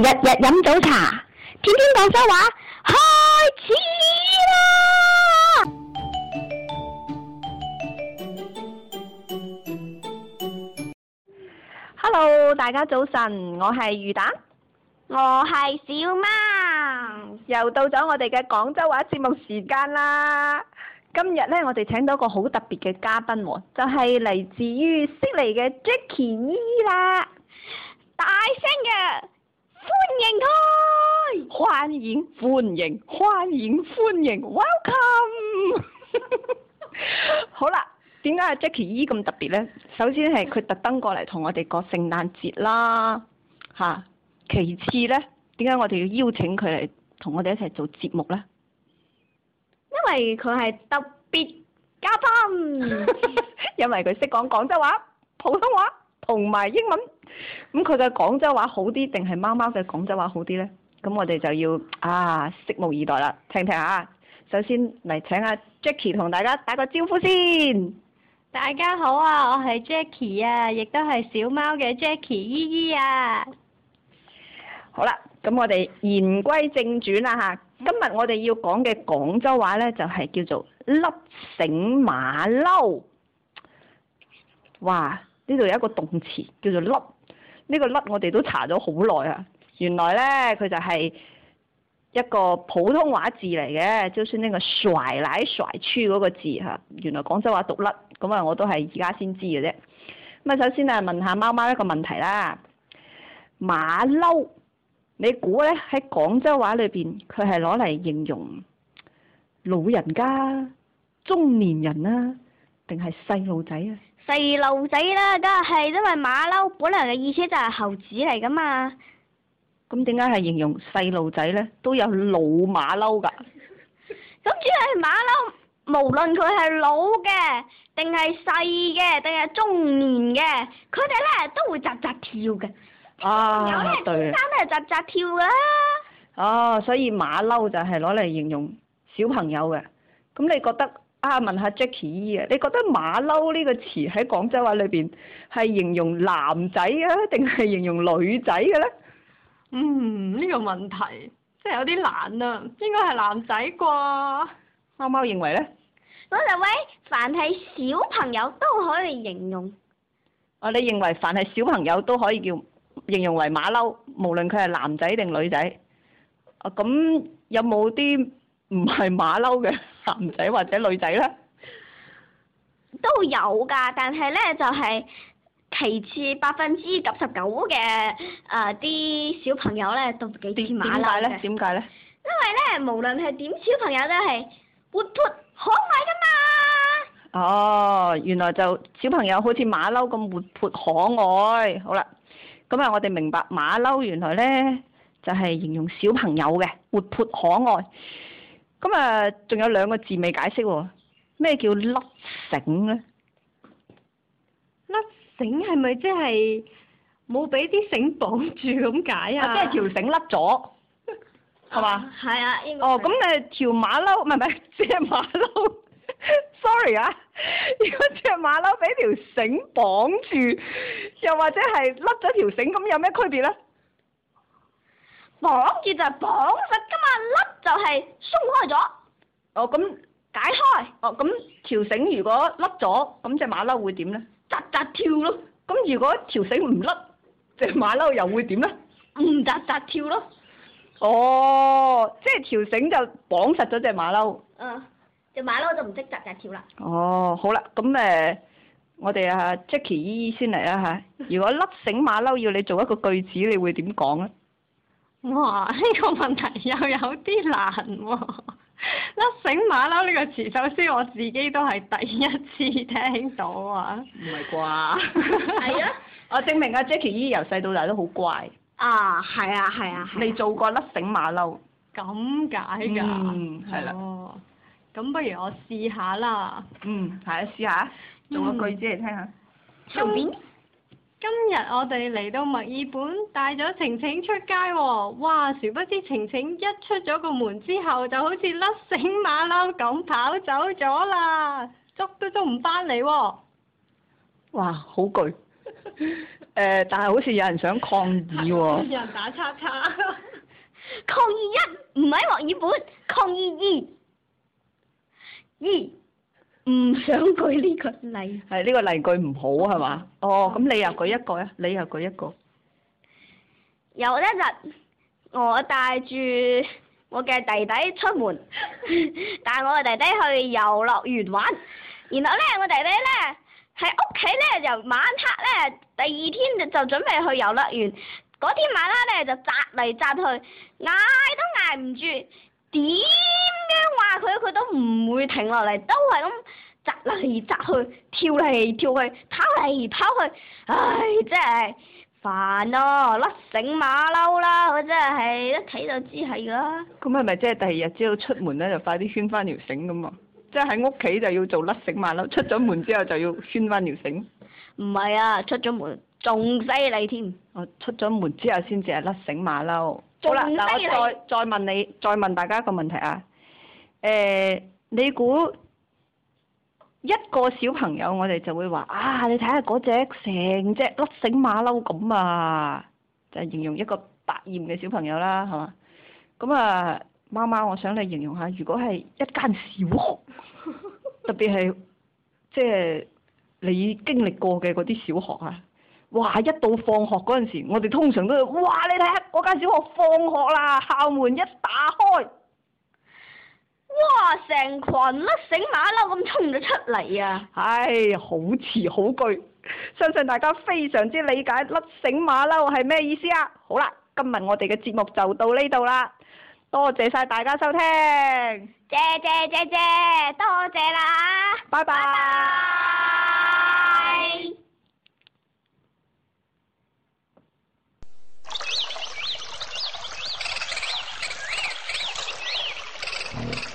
日日飲早茶，天天講廣州話，開始啦！Hello，大家早晨，我係魚蛋，我係小貓，又到咗我哋嘅廣州話節目時間啦。今日呢，我哋請到一個好特別嘅嘉賓喎、哦，就係、是、嚟自於悉尼嘅 Jackie 姨啦，大聲嘅。歡迎佢，歡迎歡迎歡迎歡迎，Welcome。 好啦，點解阿 Jackie 姨、e、咁特別呢？首先係佢特登過嚟同我哋過聖誕節啦，吓、啊。其次呢，點解我哋要邀請佢嚟同我哋一齊做節目呢？因為佢係特別加分 因為佢識講廣州話、普通話。同埋英文，咁佢嘅廣州話好啲，定係貓貓嘅廣州話好啲呢？咁我哋就要啊，拭目以待啦，聽聽下，首先嚟請阿、啊、Jackie 同大家打個招呼先。大家好啊，我係 Jackie 啊，亦都係小貓嘅 Jackie 姨姨啊。好啦，咁我哋言歸正傳啦吓，今日我哋要講嘅廣州話呢，就係叫做甩繩馬騮，哇！呢度有一個動詞叫做甩，呢、呢個甩我哋都查咗好耐啊！原來呢，佢就係一個普通話字嚟嘅，就算呢個甩奶甩粗嗰個字吓，原來廣州話讀甩，咁啊我都係而家先知嘅啫。咁啊，首先啊問下貓貓一個問題啦，馬騮，你估呢？喺廣州話裏面，佢係攞嚟形容老人家、中年人啊，定係細路仔啊？細路仔啦，梗係因為馬騮，本來嘅意思就係猴子嚟噶嘛。咁點解係形容細路仔咧？都有老馬騮噶。咁 主要係馬騮，無論佢係老嘅，定係細嘅，定係中年嘅，佢哋咧都會扎扎跳嘅。啊，有咧，啱咧，扎扎跳啊！哦、啊，所以馬騮就係攞嚟形容小朋友嘅。咁你覺得？啊！問下 Jackie 啊，你覺得馬騮呢個詞喺廣州話裏邊係形容男仔啊，定係形容女仔嘅咧？嗯，呢個問題真係有啲難啊，應該係男仔啩？貓貓認為咧？貓貓喂，凡係小朋友都可以形容。哦，你認為凡係小朋友都可以叫形容為馬騮，無論佢係男仔定女仔？啊，咁有冇啲？唔係馬騮嘅男仔或者女仔啦， 都有噶。但係呢，就係其次，百分之九十九嘅誒啲小朋友呢，都幾似馬騮嘅。點解呢？點解呢？因為呢，無論係點，小朋友都係活潑可愛噶嘛。哦，原來就小朋友好似馬騮咁活潑可愛。好啦，咁啊，我哋明白馬騮原來呢，就係形容小朋友嘅活潑可愛。咁啊，仲有兩個字未解釋喎，咩叫甩繩咧？甩繩係咪即係冇俾啲繩綁住咁解啊，啊？即係條繩甩咗，係嘛？係啊，啊啊應該哦咁誒，條馬騮唔係唔係，隻馬騮 ，sorry 啊，如果隻馬騮俾條繩綁住，又或者係甩咗條繩咁，有咩區別咧？綁住就係綁實噶嘛，甩就係鬆開咗。哦，咁解開。哦，咁條繩如果甩咗，咁隻馬騮會點咧？扎扎跳咯。咁如果條繩唔甩，隻馬騮又會點咧？唔扎扎跳咯。哦，即係條繩就綁實咗隻馬騮。嗯，隻馬騮就唔識扎扎跳啦。哦，好啦，咁誒，我哋阿 Jackie 姨姨先嚟啊嚇。如果甩繩馬騮要你做一個句子，你會點講咧？哇！呢、這個問題又有啲難喎、啊，甩繩馬騮呢個詞首先我自己都係第一次聽到啊，唔係。唔係啩？係啊， 我證明阿 Jackie 依由細到大都好乖。啊，係啊，係啊。未、啊、做過甩繩馬騮。咁解㗎、嗯啊？哦，咁不如我試下啦。嗯，係啊，試下，做個句子嚟聽下。小、嗯、面。嗯今日我哋嚟到墨爾本，帶咗晴晴出街喎、哦。哇！殊不知晴晴一出咗個門之後，就好似甩繩馬騮咁跑走咗啦，捉都捉唔翻嚟喎。哇！好攰、 呃。但係好似有人想抗議喎、哦。有 人打叉叉。 抗議一唔係墨爾本，抗議二，二。唔想舉呢個例，係呢、呢個例句唔好係嘛？哦，咁、oh, 你又舉一個啊？你又舉一個。有 一日，我帶住我嘅弟弟出門， 帶我嘅弟弟去遊樂園玩。然後咧，我弟弟咧喺屋企咧，就晚黑咧，第二天就準備去遊樂園。嗰天晚黑咧，就扎嚟扎去，挨都挨唔住，點樣話佢，佢都唔會停落嚟，都係咁。扎嚟扎去，跳嚟跳去，跑嚟跑去，唉，真係煩咯！甩繩馬騮啦，我真係一睇就知係噶啦。咁係咪即係第二日朝早出門咧，就快啲圈翻條繩咁啊？即係喺屋企就要做甩繩馬騮，出咗門之後就要圈翻條繩。唔 係啊，出咗門仲犀利添。哦，出咗門之後先至係甩繩馬騮。好啦，我再再問你，再問大家一個問題啊。誒、欸，你估？一個小朋友，我哋就會話啊，你睇下嗰隻成隻甩繩馬騮咁啊，就係、形容一個百厭嘅小朋友啦，係嘛？咁啊，貓貓，我想你形容下，如果係一間小學， 特別係即係你經歷過嘅嗰啲小學啊，哇！一到放學嗰陣時，我哋通常都會哇，你睇下嗰間小學放學啦，校門一打開。哇！成群甩繩馬騮咁衝咗出嚟啊！唉，好詞好句，相信大家非常之理解甩繩馬騮係咩意思啊！好啦，今日我哋嘅節目就到呢度啦，多謝晒大家收聽，謝謝謝謝，多謝啦，拜拜。Bye bye bye bye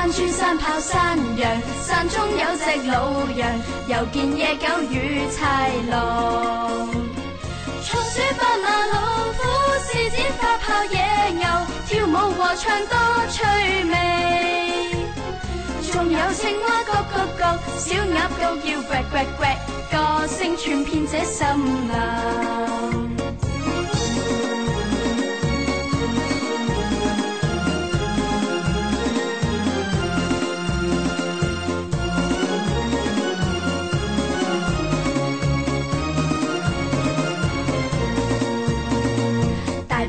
山豬山豹山羊，山中有隻老羊，又見野狗與豺狼。松鼠斑馬老虎，獅子花豹野牛，跳舞和唱多趣味。仲有青蛙呱呱呱，小鴨都叫呱呱呱，歌聲傳遍這森林。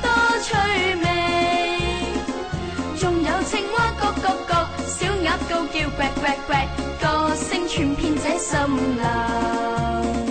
多趣味，仲有青蛙咯咯咯，小鴨高叫呱呱呱，歌聲傳遍這森林。